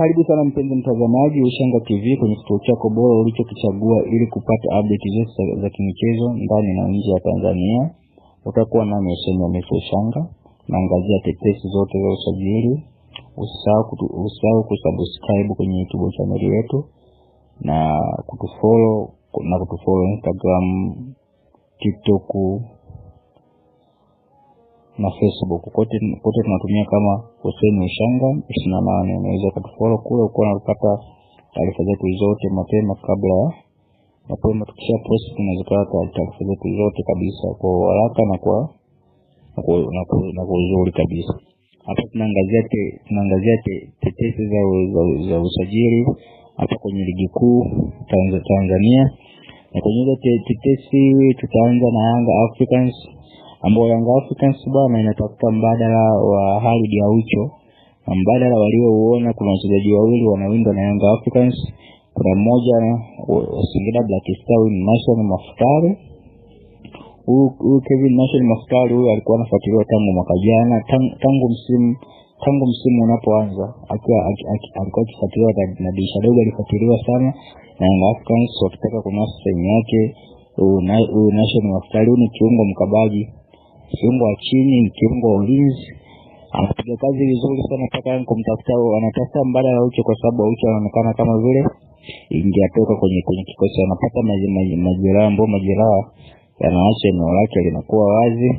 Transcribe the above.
Karibu sana mpenzi mtazamaji Ushanga TV kwenye kituo chako bora ulichokichagua ili kupata update zote za kimichezo ndani na nje ya Tanzania. Utakuwa nami Hussein Hamisi Ushanga, naangazia tetesi zote za usajili. Usisahau kusubscribe kwenye YouTube channel yetu na kutufollow na kutufollow Instagram, TikTok na Facebook kote, kote tunatumia kama Hussein Ishanga 28. Unaweza kutufollow kule uko unapata taarifa zetu zote mapema kabla ya mapema, tukisha post tunazipata taarifa zetu zote kabisa kwa haraka na kwa na kwa uzuri kabisa. Hapa tunaangazia te, tunaangazia te, tetesi za, za, za usajili hapa kwenye ligi kuu Tanzania, na kwenye ile tetesi tutaanza na Yanga Africans ambao Yanga Africans bwana inatafuta mbadala wa Khalid Aucho na mbadala waliouona, kuna wachezaji wawili wanawindwa na Yanga Africans. Kuna mmoja Singida Black ni National Mafutari, huyu Kevin National Mafutari huyu alikuwa anafuatiliwa tangu mwaka jana, tangu msimu tangu msimu unapoanza akiwa alikuwa akifuatiliwa na dirisha dogo, alifuatiliwa sana na Yanga Africans wakitaka kunasa sehemu yake. Huyu National Mafutari huyu ni kiungo mkabaji kiungo wa chini, kiungo wa ulinzi anapiga kazi vizuri sana mpaka kumtafuta anatafuta mbadala Uche kwa sababu Uche anaonekana kama vile ingetoka kwenye kwenye kikosi, anapata majeraha ambayo majeraha yanaacha eneo lake linakuwa wazi.